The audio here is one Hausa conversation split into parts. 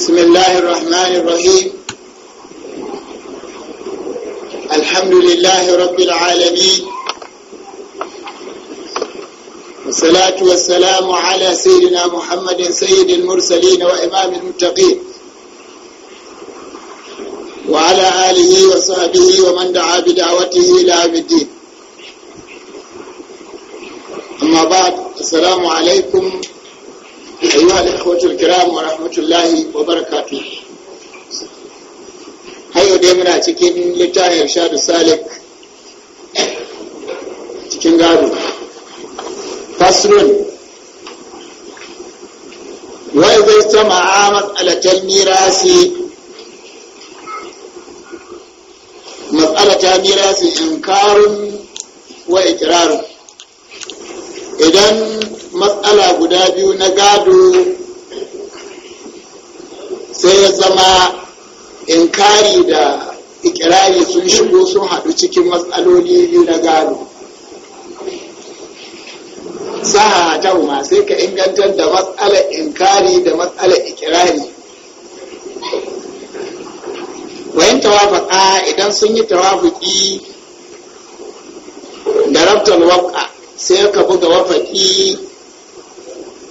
بسم الله الرحمن الرحيم الحمد لله رب العالمين والصلاة والسلام على سيدنا محمد سيد المرسلين وإمام المتقين وعلى آله وصحبه ومن دعا بدعوته إلى الدين أما بعد السلام عليكم أيها الإخوة الكرام ورحمة الله وبركاته هيو ديمنا تكين لتاهي إرشاد السالك تكين قالوا فصل وإذا استمع اجتمع مسألة الميراث مسألة ميراث إنكار وإقرار إذن matsala guda biyu na gado sai ya zama inkari da ikirari sun shigo sun haɗu cikin matsaloli biyu na gado Sa ta ma sai ka ingantar da matsalar inkari da matsalar ikirari wayan tawafaka idan sun yi tawafuki da rabtar waka sai ka buga wafaki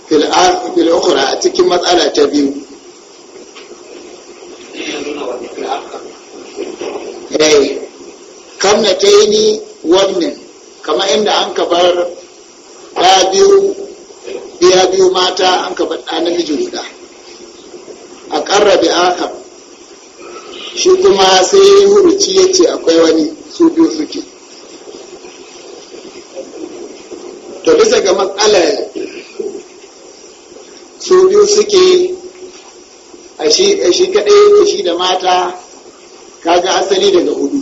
fil a cikin matsala ta biyu eh kam na ni wannan kama inda an ka bar ɗaya biyu biya biyu mata an ka bar ɗa namiji guda a ƙarra bi shi kuma sai huruci ya ce akwai wani su biyu suke to bisa ga matsalar su biyu suke a shi kaɗai yake shi da mata kaga asali daga hudu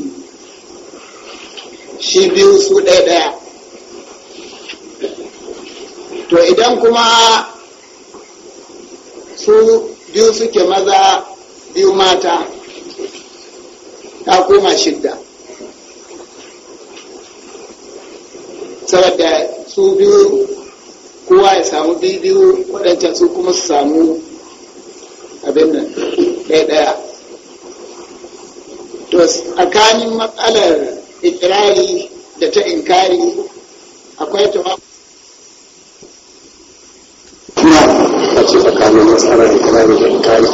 shi biyu su ɗaya ɗaya to idan kuma su biyu suke maza biyu mata ta koma shidda saboda su biyu kowa ya samu biyu waɗancan su kuma su samu abin nan ɗaya-ɗaya to tsakanin matsalar ikirari da ta inkari akwai ta tsakanin matsalar ikirari da inkari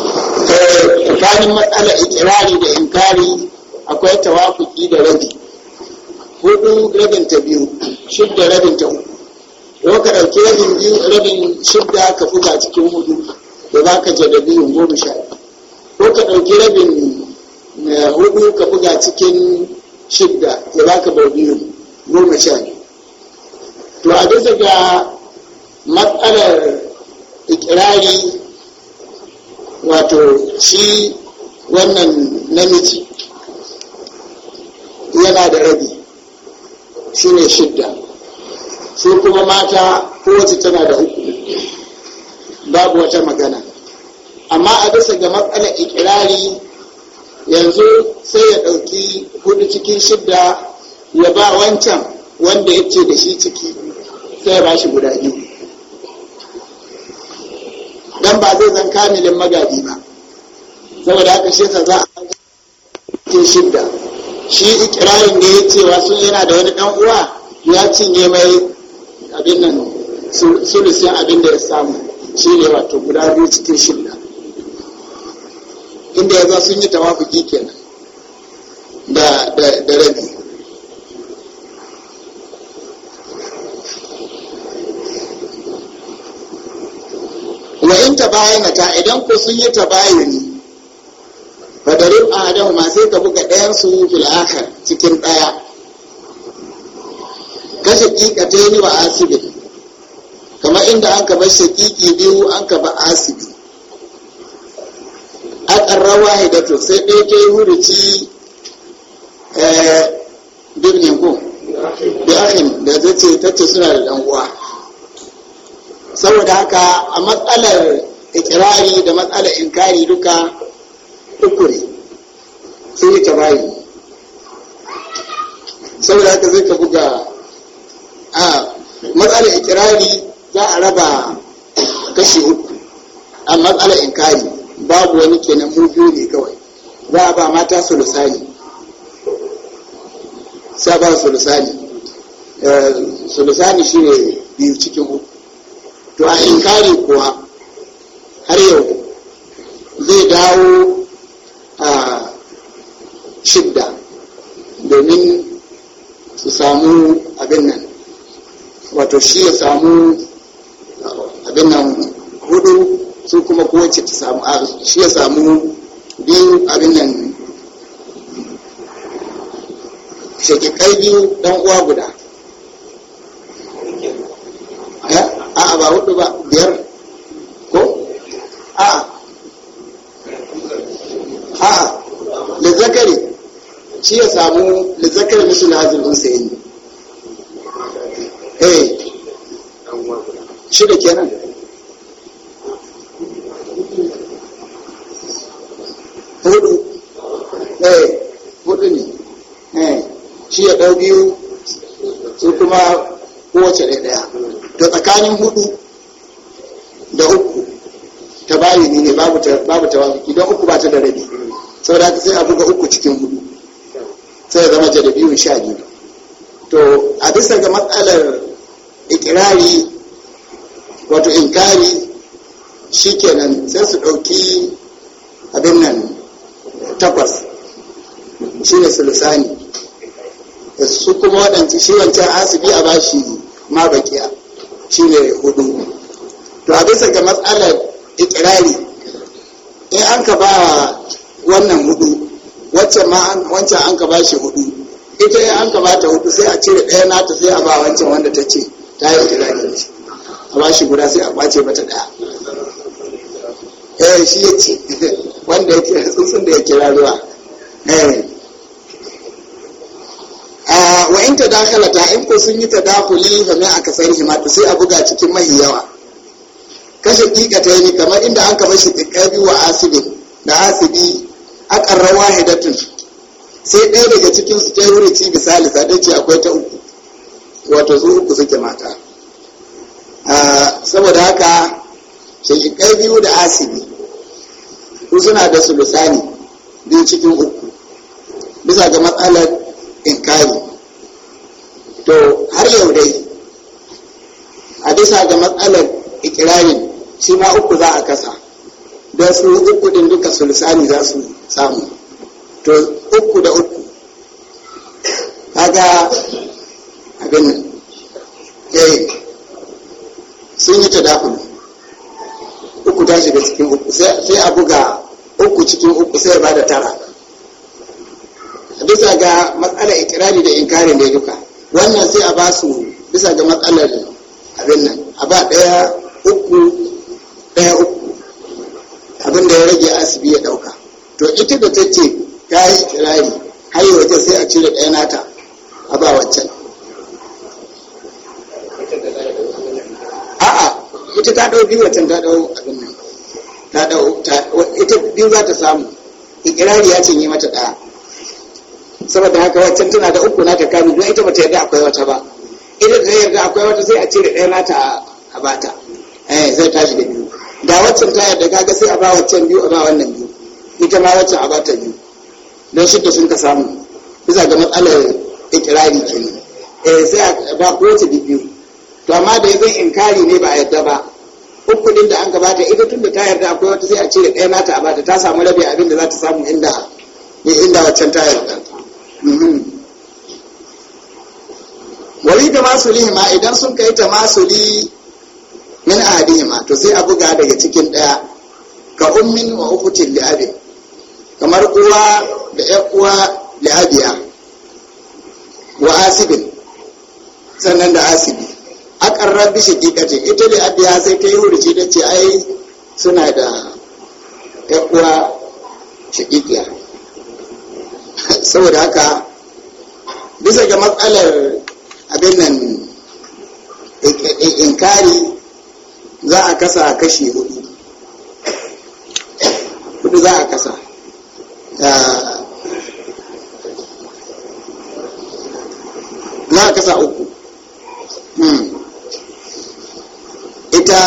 eh, tsakanin matsalar ikirari da inkari akwai tawafuki da rabi hudu rabin ta biyu shidda rabin ta uku ko ka ɗauki rabin biyu rabin shidda ka buga cikin hudu da za ka biyun goma sha ko ka ɗauki rabin eh, hudu ka buga cikin shidda da za ka bar biyu goma sha to a bisa ga matsalar ikirari wato shi wannan namiji yana da rabi shi ne shidda su kuma mata kowace tana da uku babu wata magana amma a bisa ga matsalar ikirari yanzu sai ya ɗauki hudu cikin shidda ya ba wancan wanda ya ce da shi ciki sai ba shi guda biyu Dan ba zai zan kamilin magadi ba saboda haka shi ta za a cikin shidda shi ikirarin da ya cewa sun yana da wani ɗan uwa ya cinye mai abin nan sulusin abin da ya samu shi ne wato guda biyu cikin shirya inda ya za sun yi tawafuki kenan da da rabi wa in ta ta idan ku sun yi ta tabayyuni fadarin ma sai ka buga ɗayan su fil akhir cikin ɗaya ka shaƙiƙa ta yi wa asibi kamar inda an ka bar shaƙiƙi biyu an ka ba asibi a da to sai ɗaya ta yi huruci eh, birnin ko da da zai ce ta ce suna da ɗan uwa saboda haka a matsalar ikirari da matsalar inkari duka uku ne sun yi tabayi saboda haka zai ka buga a matsalar ikirari za a raba kashi uku a matsalar inkari babu wani kenan mu ne kawai za a ba mata sulusani sa ba sulusani eh, sulusani shi ne biyu cikin uku to a inkari kuwa har yau zai dawo a shidda domin su samu abin nan wato shi ya samu abin nan hudu su kuma kowace ta samu shi ya samu biyu abin nan shekikai biyu dan uwa guda eh? a'a ba hudu ba biyar ko a'a a'a da zakari shi ya samu can hudu da uku ta bayani ne babu ta wafi idan uku ba ta da rabi da haka sai a buga uku cikin hudu sai zama jadabiyun sha biyu to a bisa ga matsalar ikirari wato inkari shikenan sai su ɗauki abin nan takwas shi ne sulusani su kuma waɗanci shi wancan asibi a bashi ma bakiya shi ne hudu to a bisa ga matsalar ikirari in an ka ba wannan hudu wancan an ka ba shi hudu ita in an ka ba ta hudu sai a cire ɗaya nata sai a ba wancan wanda ta ce ta yi ikirari a ba shi guda sai a kwace mata ɗaya eh shi ya ce wanda ya kira tsuntsun da ya kira ruwa eh wa in ta dakhalata in ko sun yi tadakuli fa mai akasarihi ma sai a buga cikin mahi yawa kashe ta- yi kamar inda an kama shi dikabi wa asidi da asibi akarra hidatun sai ɗaya daga cikin su ta yi ci misali sadai ce akwai ta uku wato su uku suke mata saboda haka shi biyu da asibi ku suna da sulusani biyu cikin uku har yau dai a bisa ga matsalar ikirarin shi ma uku za a kasa don su uku din duka sulusani za su samu to uku da uku kaga abin yayi eh, sun yi tadakulu uku ta shiga cikin uku sai a buga uku cikin uku sai ba da tara bisa ga matsalar ikirari da inkarin da duka wannan sai a ba su bisa ga matsalar abin nan a ba ɗaya uku ɗaya uku abin da ya rage asibi ya ɗauka to ita da ta ce ta yi kirari har yi wata sai a cire ɗaya nata a ba waccan a'a ita ta ɗau biyu waccan ta ɗau abin nan ta ɗau ita biyu za ta samu ikirari ya ce yi mata ɗaya saboda haka waccan tana da uku ta kami don ita bata yarda akwai wata ba Idan ta yarda akwai wata sai a cire ɗaya na ta a bata eh zai tashi da biyu da wancan ta yarda kaga sai a ba waccan biyu a ba wannan biyu ita ma wancan a bata biyu don da sun ka samu bisa ga matsalar ikirari kenan eh sai a ba kowace biyu to amma da ya zai inkari ne ba a yarda ba uku din da an gabata ita tun da ta yarda akwai wata sai a cire ɗaya na ta a bata ta samu rabi abin da za ta samu inda inda waccan ta yarda wari da masuli ma idan sun kai ta masuli min adihima to sai a buga daga cikin daya ka ummin wa ukutin da abin kamar uwa da yan uwa da abiya wa asibin sannan da asibi akan rabbi shakikatin ita da abiya sai ta yi hurci da ce ai suna da yan uwa shakikiya saboda haka bisa ga matsalar abin nan inkari za a kasa kashi hudu hudu za a kasa za a kasa uku hmm. ita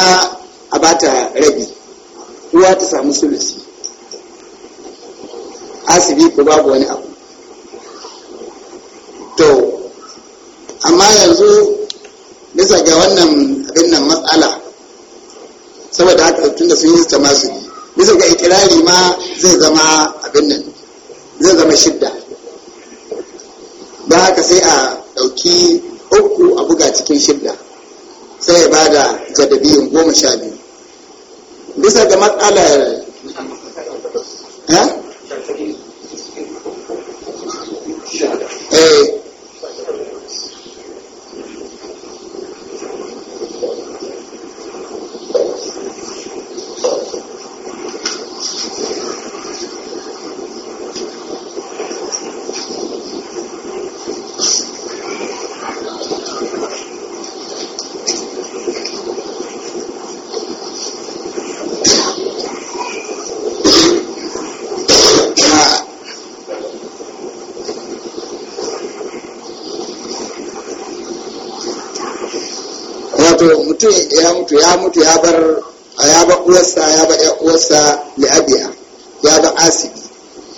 a bata rabi uwa ta samu sulusi asibi ko babu wani abu to amma yanzu bisa ga wannan abin nan matsala saboda haka tun da sun yi ta masu bisa ga ikirari ma zai zama abin nan zai zama shidda Ba haka sai a ɗauki uku a buga cikin shidda sai ya bada jadabiyin goma sha biyu bisa ga matsalar ya mutu ya bar ya ba uwarsa ya ba ya uwarsa li'abiya ya ba asibi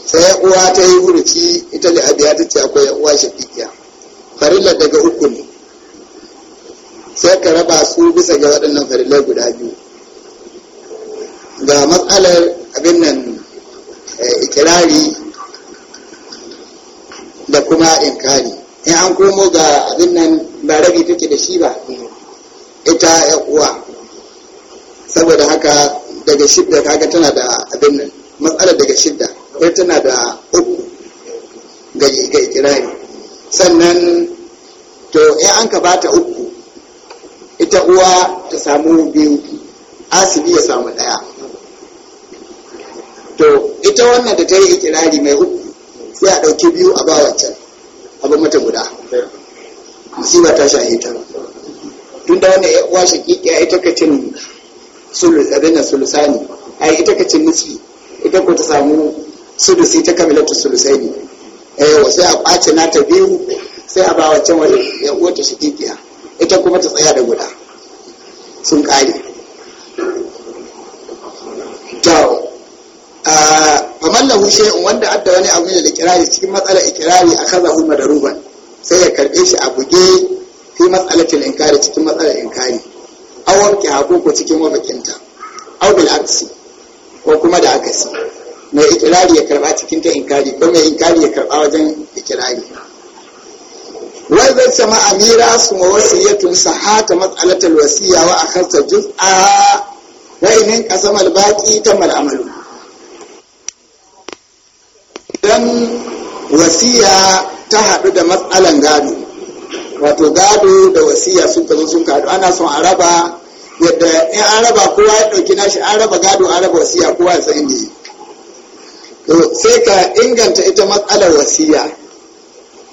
sai ya uwa ta yi huruci ita li'abiya ta ce akwai ya uwa shafiya farilla daga uku ne sai ka raba su bisa ga waɗannan farillar guda biyu ga matsalar abin nan eh, ikirari da kuma inkari in an komo ga abin nan ba rabi take da shi ba ita ya uwa saboda haka daga shidda kaga tana da abin nan matsalar daga shidda ita tana da uku ga ikirari sannan to in an ka bata uku ita uwa ta samu biyu asibi ya samu ɗaya to ita wannan da ta yi ikirari mai uku sai a ɗauki biyu a a ba mata guda musiba ta shahita tun da wannan uwa kikiya ita ka cin sulu sulusani ai ita ka cin nisfi ita ko ta samu sulusi ta ta sulusani eh sai a kwace na ta biyu sai a ba wancan wani ya uwata shi kikiya ita kuma ta tsaya da guda sun kare to a faman lahu shay'un wanda adda wani abu ne da kirari cikin matsalar ikirari a kaza hu madaruban sai ya karbe shi a buge fi matsalatin inkari cikin matsalar inkari wakki hakuku cikin wafakinta au bil aksi ko kuma da si mai ikirari ya karba cikin ta inkari ko mai inkari ya karba wajen ikirari wai zai sama amira su ma wasiyatun sahata matsalatar wasiya wa akhasta juz'a wa inin qasam al baqi ta amalu dan wasiya ta hadu da matsalan gado wato gado da wasiya sun zo sun hadu ana son a raba yadda in an raba kowa ya ɗauki nashi an raba gado an raba wasiya kowa ya san yi to sai ka inganta ita matsalar wasiya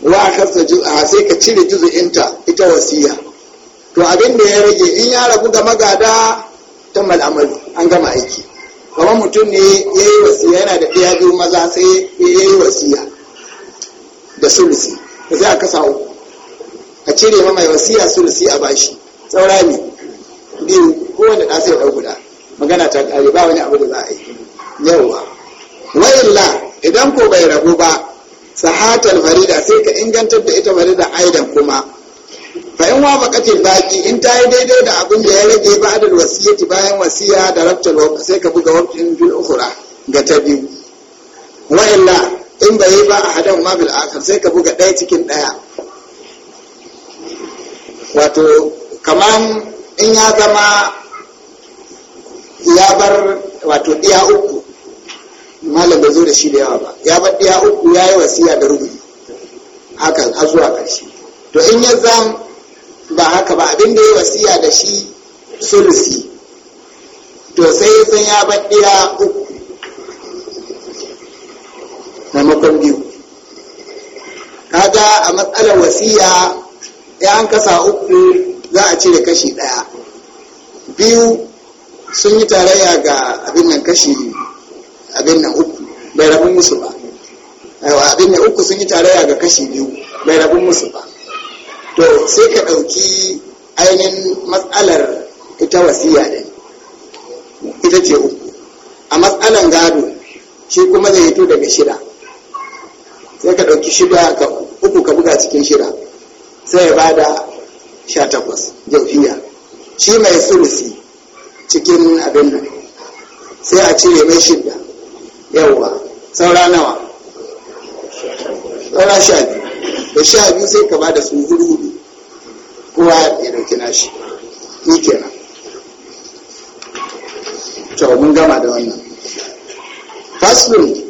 wa kasa juz'a sai ka cire juzu'inta ita wasiya to abin da ya rage in ya rabu da magada ta mal'amalu an gama aiki kuma mutum ne ya yi wasiya yana da ɗaya biyu maza sai ya yi wasiya da sulusi sai a kasa a cire ma mai wasiya sulusi a bashi saura ne biyu kowane da sai ɗau guda magana ta ƙare ba wani abu da za a yi yawwa wa'illa idan ko bai rabu ba sahatar farida sai ka ingantar da ita farida aidan kuma fa in wafaqatil baki in ta yi daidai da abin da ya rage ba da wasiyyati bayan wasiya da rabtal wa sai ka buga waqtin bil ukhra ga ta biyu wa in bai yi ba hadan ma bil akhar sai ka buga ɗaya cikin ɗaya wato kaman in ya zama ya bar wato ɗiya uku malam bai zo da shi da yawa ba ya bar ɗiya uku ya yi wasiya da rubutu hakan har zuwa ƙarshe to in ya zam ba haka ba abin da ya wasiya da shi sulusi to sai san ya bar ɗiya uku maimakon biyu kaga a matsalar wasiya ya an kasa uku za a cire kashi ɗaya biyu sun yi tarayya ga abin nan kashi abin nan uku bai rabin musu ba abin nan uku sun yi tarayya ga kashi biyu bai rabin musu ba to sai ka ɗauki ainihin matsalar ita wasiya ne ita ce uku a matsalan gado shi kuma zai hito daga shida sai ka ɗauki shida ka uku ka buga cikin shida sai ya bada sha takwas jam'iyya shi mai sulusi cikin abin nan sai a cire mai shida. yawwa saura nawa saura sha biyu da sha biyu sai ka ba da su zurbi kowa ya dauki nashi ni kenan to mun gama da wannan faslun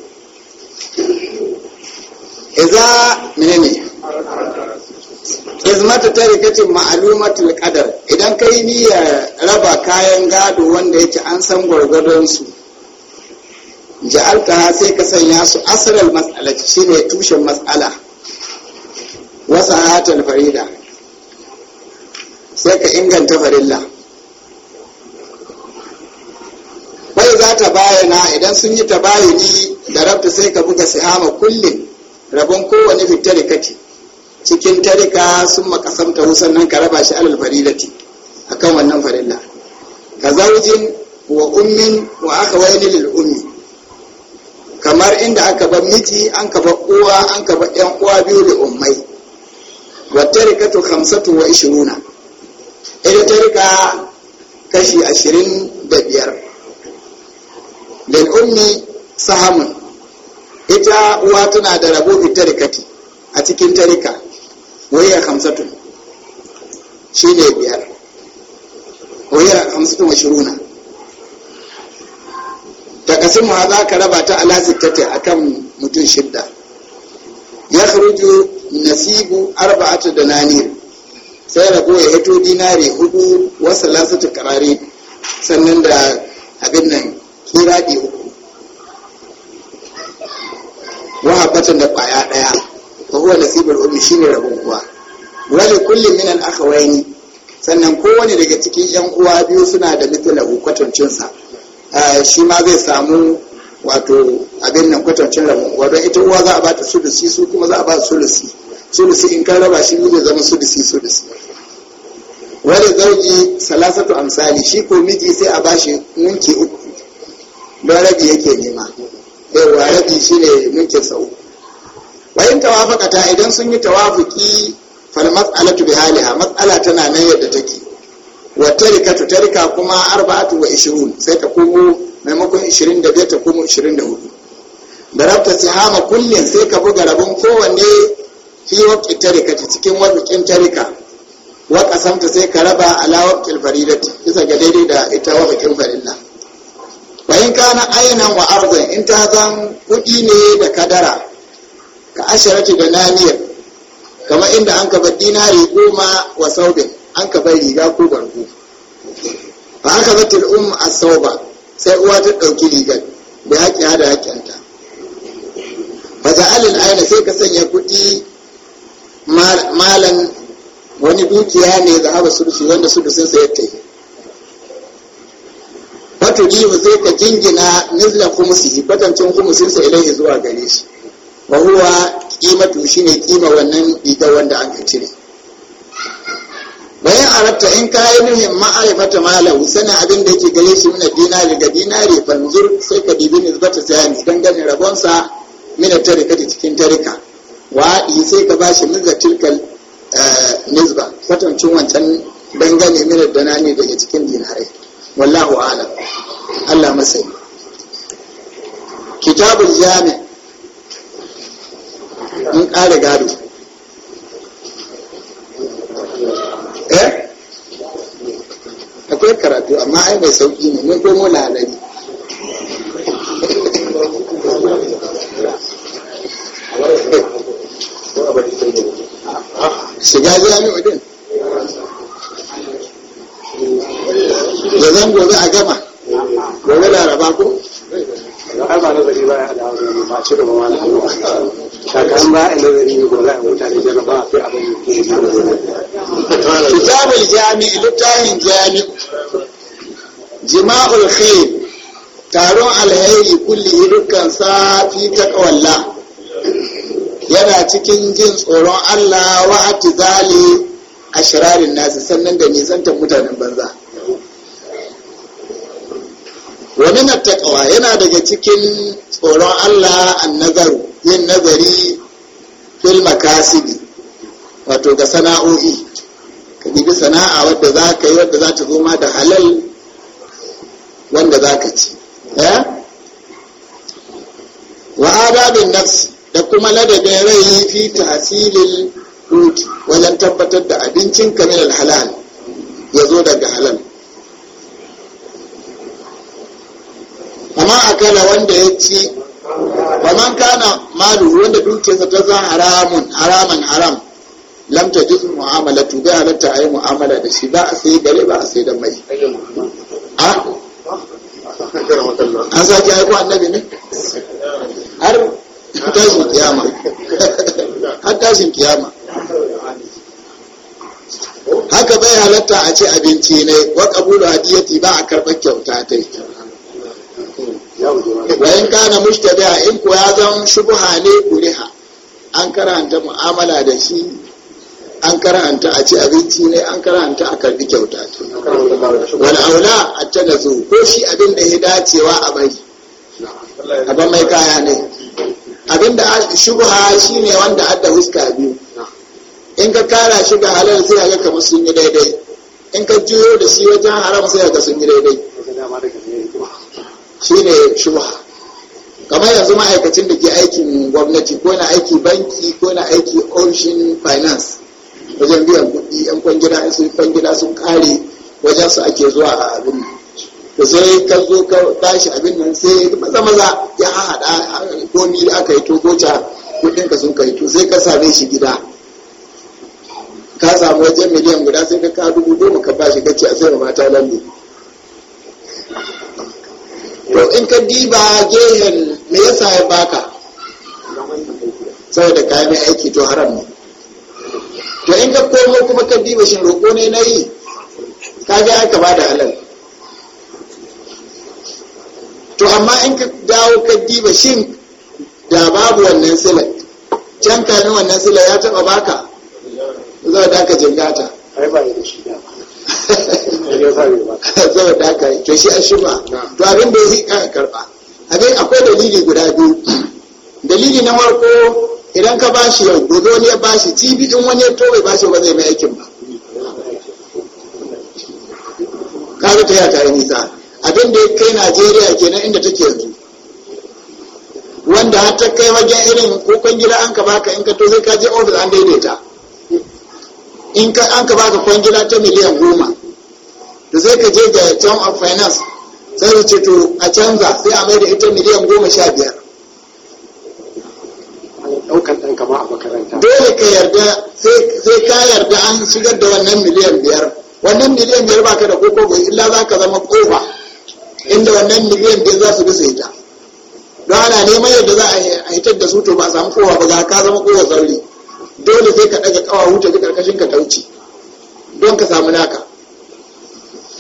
ce ma'alumatul qadar idan yi niyyar raba kayan gado wanda yake an san gwargwadon su ja'alta sai ka sanya su matsala shi shine tushen matsala wasa hatal farida sai ka inganta farilla bai za ta bayana idan sun yi ta bayani da rabta sai ka buga sihama kullum rabon kowane fitarikati cikin tarika sun makasamta sannan ka raba shi alal a akan wannan farilla ka zaujin wa ummin wa aka wani lil ummi kamar inda aka bar miji an ka bar uwa an ka bar yan uwa biyu da ummai wa tarikatu khamsatu wa ishiruna ita tarika kashi ashirin da biyar lil ummi sahamun ita uwa tana da rabo tarikati a cikin tarika waya kamsatu shi ne biyar wayya kamsatun washiruna ta kasin ma za ka raba ta ala sittati kan mutum shidda ya kharuju nasibu arba'atu dananir sai rago ya hito dinari hudu wasu lasatu karare sannan da abin nan di uku wahabbatan da ƙwaya ɗaya huwa nasibul shi ne rabon uwa wala kulli sannan kowane daga cikin yan uwa biyu suna da mithla kwatancin kwatancinsa ah, shi ma zai samu wato abin nan kwatancin rabon uwa don ita uwa za a bata sulusi su kuma za a bata sulusi sulusi in kan raba shi zai zama sulusi sulusi wani zauji salasatu amsali shi ko miji sai a bashi ninki uku don rabi yake nema yawa rabi shi ne shine sa uku wayin tawafaqata idan sun yi tawafuki fal mas'alatu bi haliha mas'ala tana nan yadda take wa tarikatu tarika kuma arba'atu wa ishirun sai ta komo maimakon 25 ta komo 24 darabta sihama kullin sai ka buga rabon kowanne fi waqti tarikati cikin wazikin tarika wa qasamta sai ka raba ala waqtil faridati isa ga daidai da ita wazikin farilla wayin kana ainan wa arzan in ta zan kudi ne da kadara ka asharati da naniyar kamar inda an ka bar dinari goma wa saudin an ka bar riga ko bargo fa aka Umma um asauba sai uwa ta ɗauki rigar da haƙi da ta fa ja'alil aina sai ka sanya kuɗi malan wani dukiya ne da haba sulusi wanda sulusin sai ya tai fatu zai ka jingina nizla yi, kwatancin kuma sun sa ilaihi zuwa gare shi wa huwa kimatu shine kima wannan rigar wanda an cire bayan arabta in ka yi nuhin ma'arifata malam, sana abin da yake gare shi mina dinari ga dinari fanzur sai ka dibi nisbata sayani dangane rabonsa mina tarika da cikin tarika yi sai ka ba shi tilkal eh, nisba kwatancin wancan dangane mina dana ne daga cikin dinarai wallahu alam allah masai kitabul jami' ba da gado eh akwai karatu amma ai mai sauki ne mun komo lalari shiga jami'u din jam'ul taron alheri kulli dukkan safi ta taqwalla yana cikin jin tsoron Allah wa atizali shirarin nasu sannan da nisantar mutanen banza wa min taqwa yana daga cikin tsoron Allah annazaru yin nazari fil makasibi wato ga sana'o'i ka bi sana'a wadda za ka yi wadda za ta zo ma da halal wanda za ka ci eh? wa adadin nafsi da kuma ladabin rai fi tahsilil ruki wajen tabbatar da abincin kamilal halal ya zo daga halal amma akala wanda ya ci faman kana malu wanda dukiyarsa ta zan haramun haraman haram lamta jisun mu'amala tu bai a yi mu'amala da shi ba a sai gare ba a sai da mai an sake aiko annabi ne har tashin kiyama har tashin kiyama haka bai halatta a ci abinci ne wa kabulu hadiyati ba a karɓar kyauta ta yi wayan kana mushtabiha in ko ya zan shubha ne kuriha an karanta mu'amala da shi an karanta a ci abinci ne an karanta a karbi kyauta to wani aula a zo ko shi abin da ya dacewa a bari abin mai kaya ne abin da shubha shi ne wanda hadda huska biyu in ka kara shi ga halal sai ga kamar sun yi daidai in ka juyo da shi wajen haram sai ga sun yi daidai shi ne shubha kamar yanzu ma'aikacin da ke aikin gwamnati ko na aiki banki ko na aiki ocean finance wajen biyan kuɗi yan kwangila sun kwangila sun kare wajen su ake zuwa a abin da sai ka zo ka tashi abin nan sai maza maza ya haɗa komi da aka yi to goca kuɗin ka sun kai to sai ka same shi gida ka samu wajen miliyan guda sai ka ka dubu goma ka bashi ka ce a sai mata ne to in ka diba gehen me yasa ya baka saboda kayan aiki to haram ne to in ka komo kuma ka diba shi roƙo ne na yi ka ga aka ba da halal to amma in ka dawo ka diba shi da babu wannan sila, can ne wannan sila, ya taɓa baka za a ka jingata ai ba da shi da saboda haka to shi a shuba to abin da ya karɓa. abin akwai dalili guda biyu dalili na farko idan ka bashi yau gobe wani ya bashi TV din wani ya tobe bai bashi ba zai mai aikin ba ka ta yata tare nisa abinda ya kai najeriya kenan inda take yanzu wanda har ta kai wajen irin kokon gida an ka baka in ka to sai ka ofis an daidaita in ka an ka baka kwangila ta miliyan goma da sai ka je ga town of finance sai ce to a canza sai a mai da ita miliyan goma sha biyar yarda sai ka yarda an shigar da wannan miliyan biyar wannan miliyan biyar ba ka da koko bai illa za ka zama kofa inda wannan miliyan biyar za su bi sai ta don ana neman yadda za a hitar da su to ba samu kowa ba za ka zama kowa zarri dole sai ka daga kawa wuce ta karkashin ka tauci don ka samu naka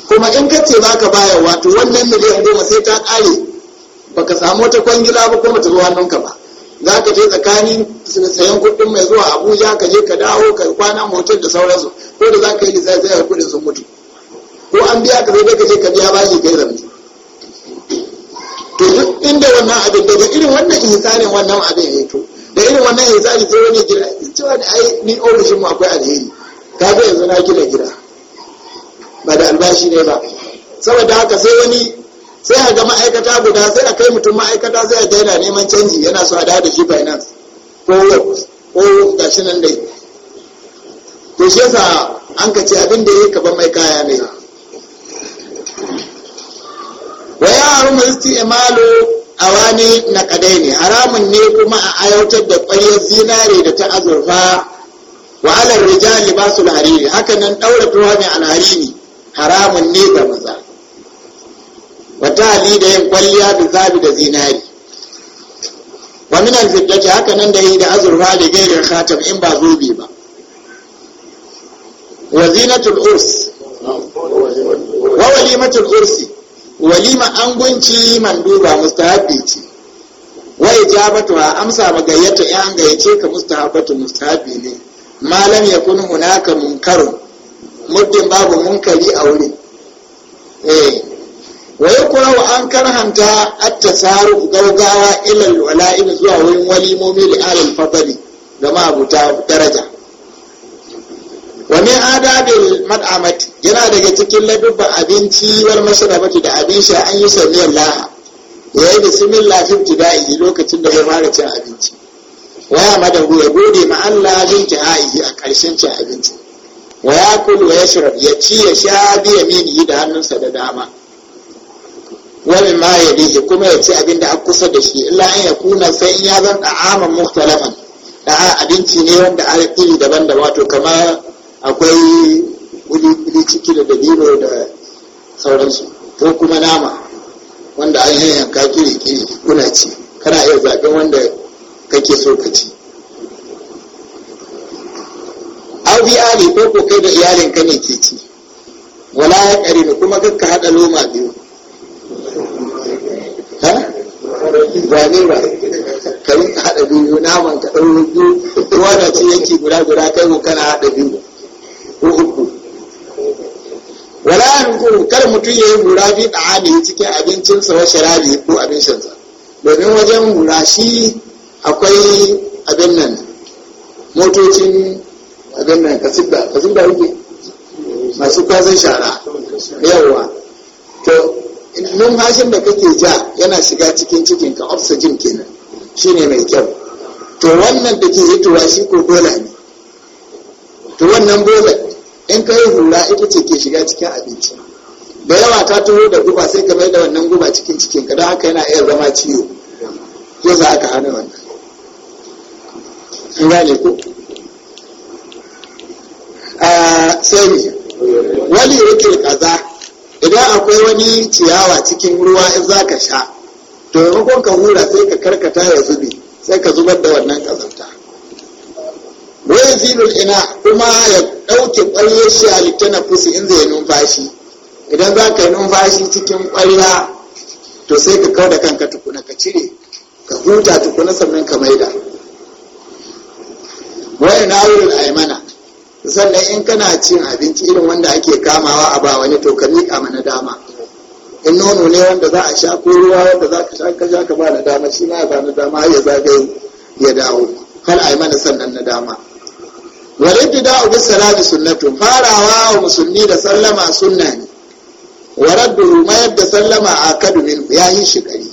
kuma in ka ce baka bayarwa to wannan miliyan goma sai ta kare baka samu wata kwangila ba kuma ta zo hannunka ba za ka je tsakanin sayan kuɗin mai zuwa abuja ka je ka dawo ka kwana motar da sauransu ko da za ka yi zai zai kuɗin sun mutu ko an biya ka zai ka je ka biya bashi ka yi zamani to duk inda wannan abin daga irin wannan ihsanin wannan abin ya to da irin wannan ihsani sai wani gida cewa da ai ni ofishin mu akwai alheri ka ga yanzu na gina gida ba da albashi ne ba saboda haka sai wani sai a ga ma'aikata guda sai a kai mutum ma'aikata sai a daina neman canji yana so a da shi finance ko ko gashi nan dai to shi yasa an ka ce abin da ka kaban mai kaya ne wa ya harumu a wani na kadai ne haramun ne kuma a ayautar da kwayar zinare da ta azurfa wa alar rijali su hariri haka hakanan daura tuwa mai ne haramun ne ga maza wata hali da yin kwalliya da zabi da zinari wa min alfiddati haka nan da yi da azurfa da gairar khatam in ba zobe ba wa zinatul urs wa walimatul ursi walima angunci manduba mustahabbi ce wa ijabatu a amsa ba gayyata yan gayyace ka Mustahabatu mustahabbi ne malam ya yakun hunaka munkarun muddin babu munkari a wurin eh wa yakura wa an karhanta at-tasarruf gaugawa ila al-wala'in zuwa wurin walimomi da alal fadli da ma'abuta daraja Wani min adabil yana daga cikin ladubban abinci wal mashrabati da abin sha an yi samiyan laha ya yi bismillah fi ibtida'i lokacin da ya fara cin abinci waya madahu ya gode ma Allah bin tihaihi a ƙarshen cin abinci wa yakulu wa yashrab ya ci ya sha biya mini yi da hannunsa da dama wani ma ya dihi kuma ya ci abin da kusa da shi illa an ya kuna sai in ya zan da'aman muhtalafan a abinci ne wanda a iri daban-daban wato kamar akwai wuli ciki da dabino da sauransu ko kuma nama wanda an yi yanka kiri-kiri kuna ci kana iya zaɓen wanda kake so ka ci bi ali ko ko kai da iyalin ka ne ke ci wala ya ni kuma kakka haɗa loma biyu wane ba ka rinka haɗa biyu naman ka ɗauro biyu wanda ce yanki guda guda kai mu kana haɗa biyu ko uku wala ku kar mutum ya yi hura bi ɗa'ani cikin abincinsa wa sharabi ko abin shan sa, domin wajen hura shi akwai abin nan motocin abin nan kasidda kasidda yake masu kwazon shara yawa to numfashin da kake ja yana shiga cikin cikinka oxygen kenan shine mai kyau to wannan da ke hitowa shi ko bola ne to wannan bola in ka yi hula ita ce ke shiga cikin abinci da yawa ta turo da guba sai ka mai da wannan guba cikin cikinka don haka yana iya zama ciwo ko za ka hana wannan an gane ko ah, sai ne wali yake kaza idan akwai wani ciyawa cikin ruwa in za ka sha to maimakon ka hura sai ka karkata ya zube sai ka zubar da wannan kazanta wai zilul ina kuma ya ɗauke ƙwaryar shi halitta na fusi in zai numfashi idan za ka yi numfashi cikin ƙwarya to sai ka kawo da kanka tukuna ka cire ka huta tukuna sannan ka maida wai na wurin aimana sannan in kana cin abinci irin wanda ake kamawa a ba wani to ka miƙa mana dama in nono ne wanda za a sha ko ruwa wanda za ka sha ka sha ka ba na dama shi ma ba na dama ya zagaye ya dawo har a yi mana sannan na dama walidda da ubi salami sunnatu farawa wa musulmi da sallama sunna ne warar da mayar da sallama a kadu ya yi shi kari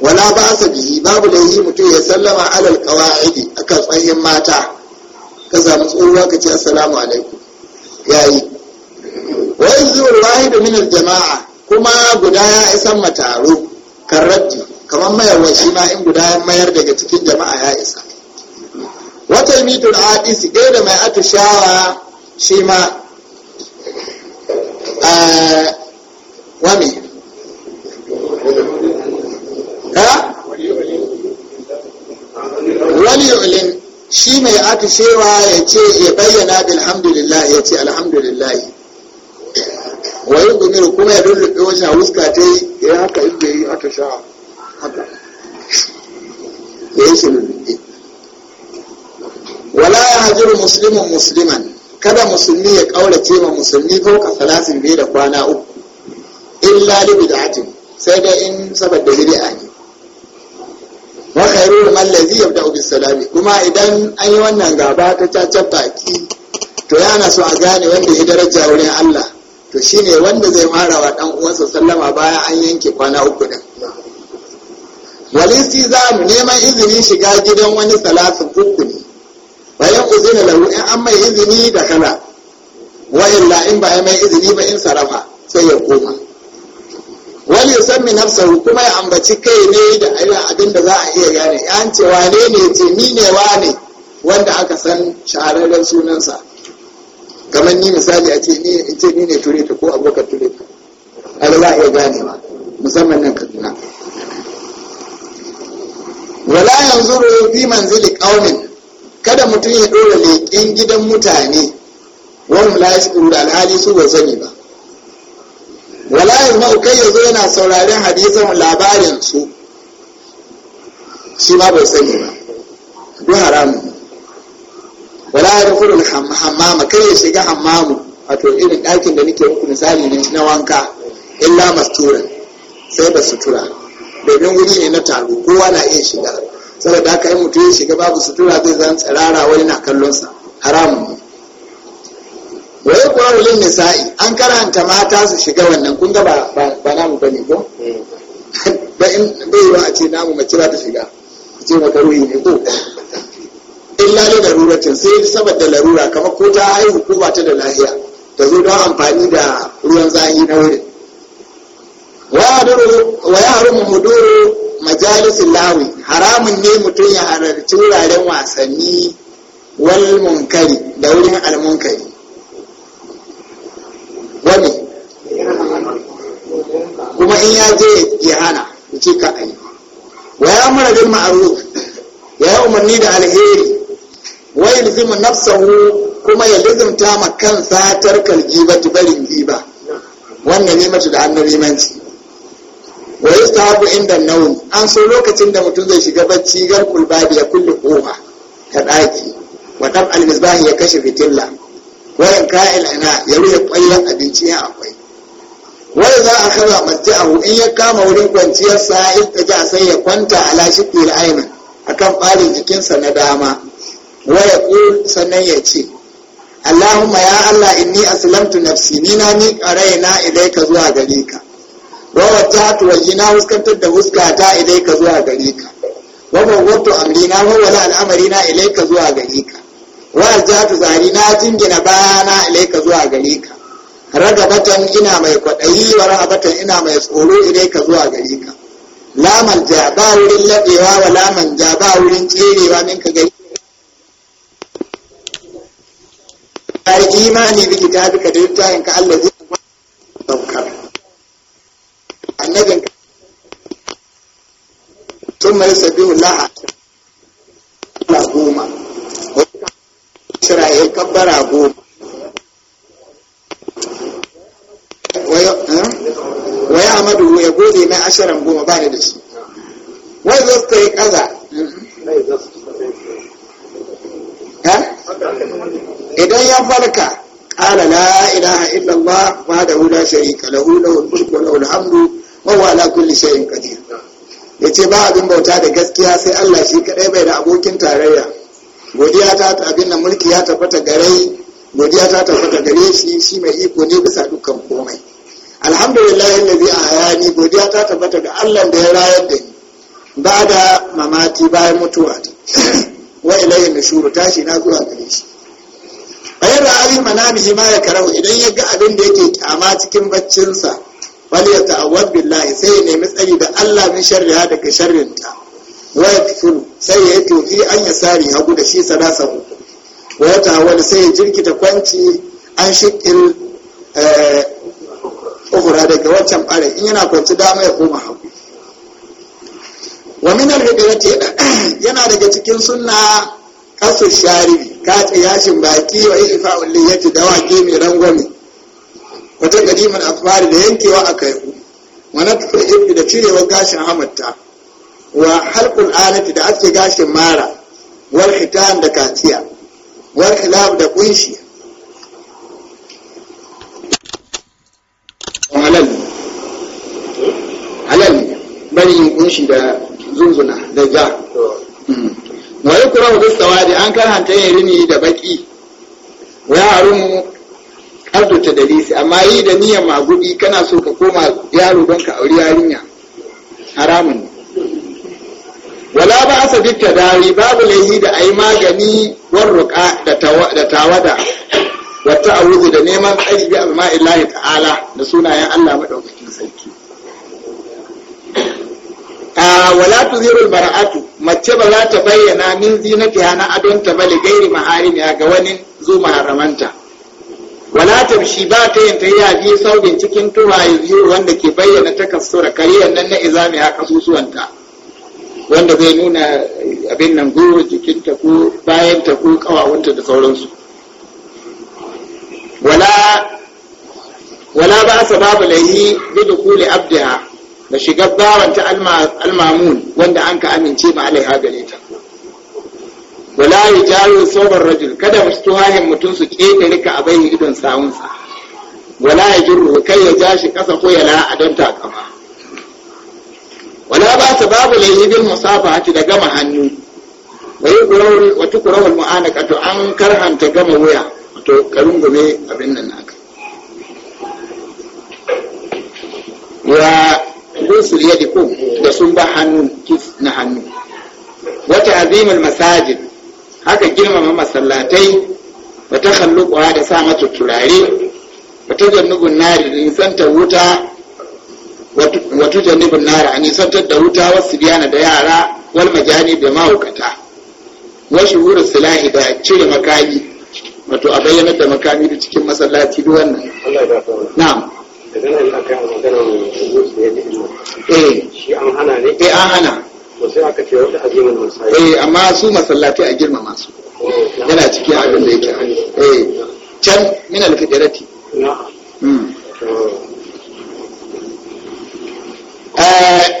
wala ba sa bihi babu da yi mutum ya sallama alal kawa'idi akan tsayin mata ka samu tsohuwa ka ce assalamu alaikum yayi wa izzuwar wahidu min jama'a kuma guda ya ma mataro kan raddi kamar mayarwa shi ma in guda ya mayar daga cikin jama'a ya isa wata mitul hadisi ɗaya da mai atushawa shi ma wani ha wali shi mai atishewa ya ce ya bayyana bilhamdulillah ya ce alhamdulillah wayin gumir kuma ya lullube wajen a wuska ta yi ya haka inda yi atisha haka ya yi shi lullube wala ya hajjuru musulmin musulman kada musulmi ya kaurace ma musulmi ko ka salasin biyu da kwana uku illa libi da sai dai in saboda bid'a ne wa khairul man yabda'u bis salami kuma idan an yi wannan gaba ta caca baki to yana so a gane wanda ya daraja wurin Allah to shine wanda zai fara wa dan uwansa sallama bayan an yanke kwana uku din walisi za mu neman izini shiga gidan wani salatin uku ne bayan uzina lahu in an mai izini da kana wa illa in ba mai izini ba in sarafa sai ya koma yusammi nafsahu kuma ya ambaci kai ne da irin abin da za a iya gane ya ce wane ne ce ni ne wane wanda aka san shahararren sunansa kamar ni misali a ce ni ce ni ne tureta ko abokan tureta ai za a iya gane ba, musamman nan kaduna wala yanzuru bi manzili qaumin kada mutum ya dora leƙen gidan mutane wannan la yashkuru da alhali su ba sani ba wala yasma'u kai zo yana sauraren hadisan labarin su shi ma bai sani ba duk haramu wala yadkhulu hammama kai ya shiga hammamu wato irin ɗakin da nake muku misali ne na wanka illa masturan sai da sutura domin wuri ne na taro kowa na iya shiga saboda haka in mutum ya shiga babu sutura zai zan tsirara wani na kallonsa haramun wa yuqra'u wulin nisa'i an karanta mata su shiga wannan kun ga ba ba ne, ko ba in bai ba a ce namu mace za ta shiga ce makaruhi ne ko In lalo da laruratin sai saboda larura kamar ko ta haihu ko ba ta da lahiya ta zo don amfani da ruwan zahi na wurin wa ya mu huduru majalisin lawi haramun ne mutum ya halarci wuraren wasanni wal munkari da wurin almunkari wani kuma in ya je ya hana ya ce ka ayi wa ya mara bin ma'ruf ya yi umarni da alheri wa yalzimu nafsahu kuma ya lizimta ma satar tarkal ta barin giba wannan ne mace da annabi manci wa yustahabu inda nawm an so lokacin da mutum zai shiga bacci gar kulba ya kulle kofa ta ɗaki. wa ɗan al ya kashe fitilla wayan ka'il ana ya ruya ƙwayar abinci ya akwai wai za a kaza a in ya kama wurin kwanciyar sa kwanciyarsa ita a sai ya kwanta ala shiqqi al-ayman akan ɓarin jikinsa na dama waya ku sannan ya ce Allahumma ya Allah inni aslamtu nafsi ni na ni raina idai ka zuwa gare ka wa wajjahtu wajhi na huskantar da ta idai ka zuwa gare ka wa bawwatu amri na wala al'amari na ka zuwa gare ka wa ta zari na jingina bayana ilaika zuwa gare ka ragabatan ina mai kwaɗayi wa ragabatan ina mai tsoro ilaika zuwa gare ka laman ja ba wurin laɗewa wa laman ja ba wurin tserewa ka gari ta yi imani biki ta duka da littafin ka Allah zai saukar annabin ka sun mai sabihu la'a Allah goma ya yi kabbara goma wa ya eh? amadu ya gode mai ashirin goma ba da shi wai zai su yi kaza eh? idan ya farka ƙala la ilaha illallah ba da hula sharika hula wa mulku wa lahul hamdu wa huwa ala kulli shay'in qadir yace ba abin bauta da gaskiya sai Allah shi kadai bai da abokin tarayya godiya ta abin nan mulki ya tabbata gare godiya ta tabbata gare shi shi mai iko ne bisa dukkan komai alhamdulillah a hayani godiya ta tabbata ga Allah da ya rayar da ni ba da mamati bayan mutuwa ta wa ilayhi nushuru tashi na zuwa gare shi bayan ra'ayi manamihi ma ya karau idan ya ga abin da yake kyama cikin baccinsa wani ya ta'awwad billahi sai ya nemi tsari da Allah min shari'a daga sharrinta waya sai ya yi tofi an ya hagu da shi sadasa wata wani sai ya jirkita kwanci an shikil eh, uhura daga wancan bare in yana kwanci dama ya koma hagu wa minar hidayati yana daga cikin sunna kasu sharibi katse yashin baki wa ifa'ul liyati da waƙe mai rangwame wata gadimin akbari da yankewa a kai wani tukur da cirewa gashin hamatta wa halqul alati da ake gashin mara wal hitan da kaciya wal khilab da kunshi halal halal bari in kunshi da zunzuna da ja hmm. wa yukra wa sawadi an karhanta yin rini da baki wa mu ardu ta dalisi amma yi da niyyar magudi kana so ka koma yaro don ka auri yarinya haramun wala ba sa bitta dari babu laihi da ayi magani warruka da tawada wa ta'awudu da neman tsari bi ta'ala da sunayen Allah madaukakin sarki a wala zirul bara'atu mace ba za ta bayyana min zinatiha na ta bale gairi ya ga wani zu maharamanta wala bishi ba ta yin tahiya biyu saurin cikin tuwaye wanda ke bayyana kasura kariyar nan na izami a kasusuwanta wanda bai nuna abin nan gwiwar jikinta ko bayanta ko kawawanta da sauransu wala wala ba asa babu laihi bi dukuli abdiha da shiga bawanta almamun wanda an ka amince ma alaiha gare ta wala yujaru sawbar rajul kada wasu tuhahin mutum su ƙetare rika a idan idon sawunsa wala ya jirru kai ya ja shi ƙasa ko ya la'adanta kama wala ba babu laifin musafahati da gama hannu wata kurawar mu'anaka to an karhanta gama wuya to karin gobe abin nan naka wa gusul yadi ko da sun ba hannu kif na hannu wata azimul masajid haka girmama masallatai wata kalluƙuwa da sa mata turare wata jannubun nari nisan ta wuta watu janibin nara an nisantar da wuta wasu biyana da yara wal majani da mahaukata wa shuhurul silahi da cire makami wato a bayyanar da makami da cikin masallaci duk wannan na'am eh shi an hana ne eh an hana aka ce wata azimin eh amma su masallatai a girmama su yana cikin abin da yake eh can min al na'am hmm. Eh,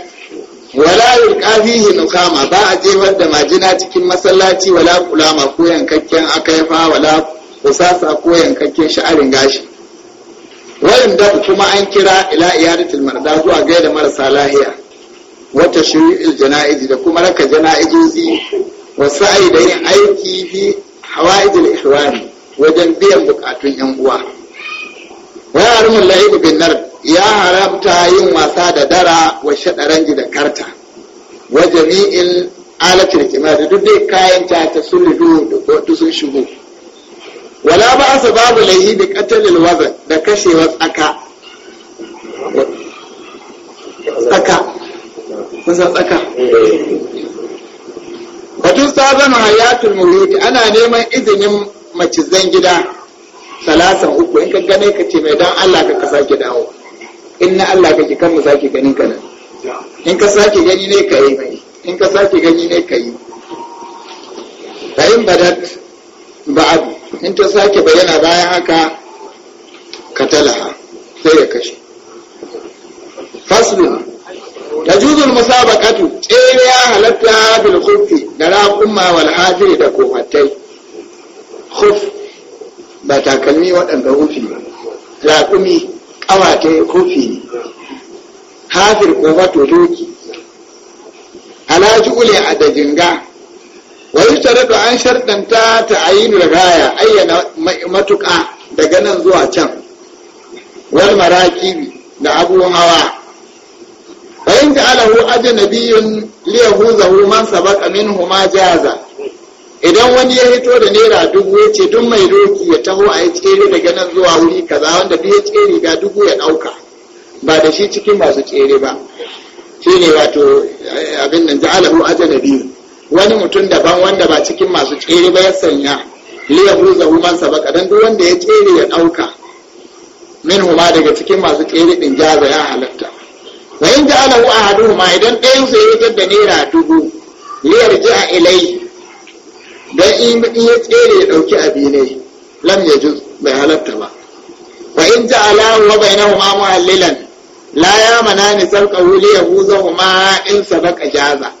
wala yurka fihi nukama ba a jefar da majina cikin masallaci wala kulama ko yankakken akaifa wala kusasa ko yankakken sha'arin gashi da kuma an kira ila iyadatul marda zuwa gaida marasa lahiya wata shuri'il jana'izi da kuma raka jana'izozi wa sa'i da yin aiki fi hawaijil ihwani wajen biyan bukatun yan uwa wa haramun la'ibu bin nar ya haramta yin wasa da dara wa shaɗarangi da karta wa jami'in alatin kimar da duk dai kayan ta ta sullu da kotu sun shigo wala ba asa babu laihi bi qatlil waza da kashewa tsaka tsaka kusa tsaka batun sabon hayatul murid ana neman izinin macizan gida salasan uku in ka gane ka ce mai dan Allah ka sake dawo in na Allah ka kan mu sake ganin ka nan in ka sake gani ne ka yi mai in ka sake gani ne ka yi fa in badat ba'adu in ta sake bayyana bayan haka ka talaha sai ya kashe faslu ta juzul musabaqatu tsere ya halatta bil khuffi da ra'umma wal hafiri da kofatai khuf ba takalmi waɗanda hufi ba raƙumi ƙawata hufi ne hafir ko wato doki alaji ule a dajinga jinga wani tare an sharɗanta ta ayin ragaya ayyana matuƙa daga nan zuwa can wal maraƙibi da abubuwan hawa bayan da alahu biyun liya zahu man sabaka min huma jaza idan wani ya hito da naira dubu ya ce duk mai doki ya taho a yi tsere daga nan zuwa wuri kaza wanda duk ya tsere ga dubu ya ɗauka ba da shi cikin masu tsere ba shi ne wato eh, abin nan ja'alahu biyu wani mutum daban wanda ba cikin masu tsere ba ya sanya liya buza human sabaka dan duk wanda ya tsere ya ɗauka min huma daga cikin masu tsere din jaza ya halatta wa in ja'alahu ahaduhuma idan ɗayan su ya da naira dubu liyar ji'a ilai don in ya tsere ya ɗauki abi ne lam ya juz bai halatta ba wa in ja'ala wa bainahuma muhallilan la ya manani sarqahu li yahuzahuma in sabaqa jaza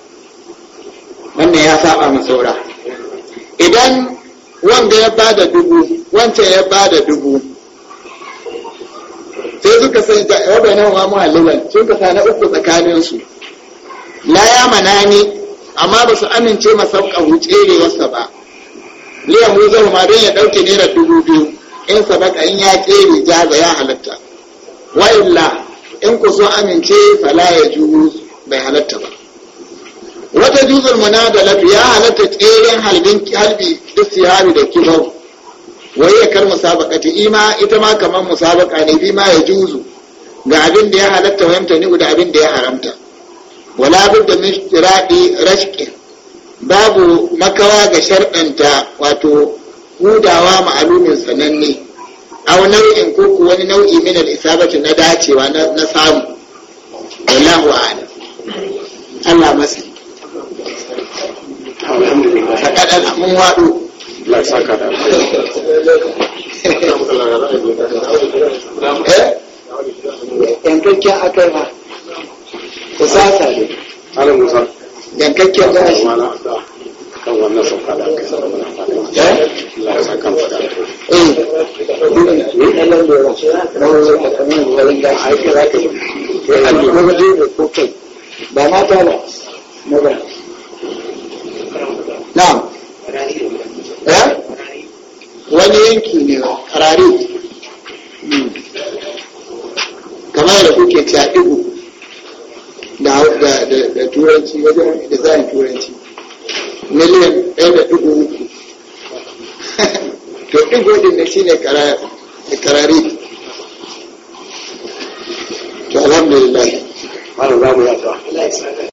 wannan ya saba mu saura idan wanda ya bada dubu wancan ya bada dubu sai suka sai wa bainahuma muhallilan sun ka na uku tsakaninsu la ya ni. amma ba su amince ma sauka tserewarsa ba liyan huzar ma don ya ɗauke naira dubu biyu in sabaka in ya tsere ga ya halatta wa in ku so amince fala ya juhu bai halatta ba wata juzul munadalatu ya halatta tseren halbin halbi istihari da kibau wai ya kar musabaqati ima ita ma kamar musabaka ne bi ma ya juzu ga abin da ya halatta wayanta ni da abin da ya haramta wala budda min istiradi rashqin babu makawa ga sharɗanta wato hudawa ma'alumin sananne aw nau'in ko ku wani nau'i min al-isabati na dacewa na samu wallahu a'lam Allah masa alhamdulillah mun wado Allah saka da eh? yankakken ba da sata ne ala musa shi kan wannan da aka na eh? da eh ni da ai ka eh an ko ko kai ba ma ta ba mu ba na'am eh wani yanki ne karare hmm. kamar da kuke ta ibu da turanci wajen da zayin turanci miliyan ɗaya da dubu uku to ɗigo ɗin da shi ne karari to alhamdulillah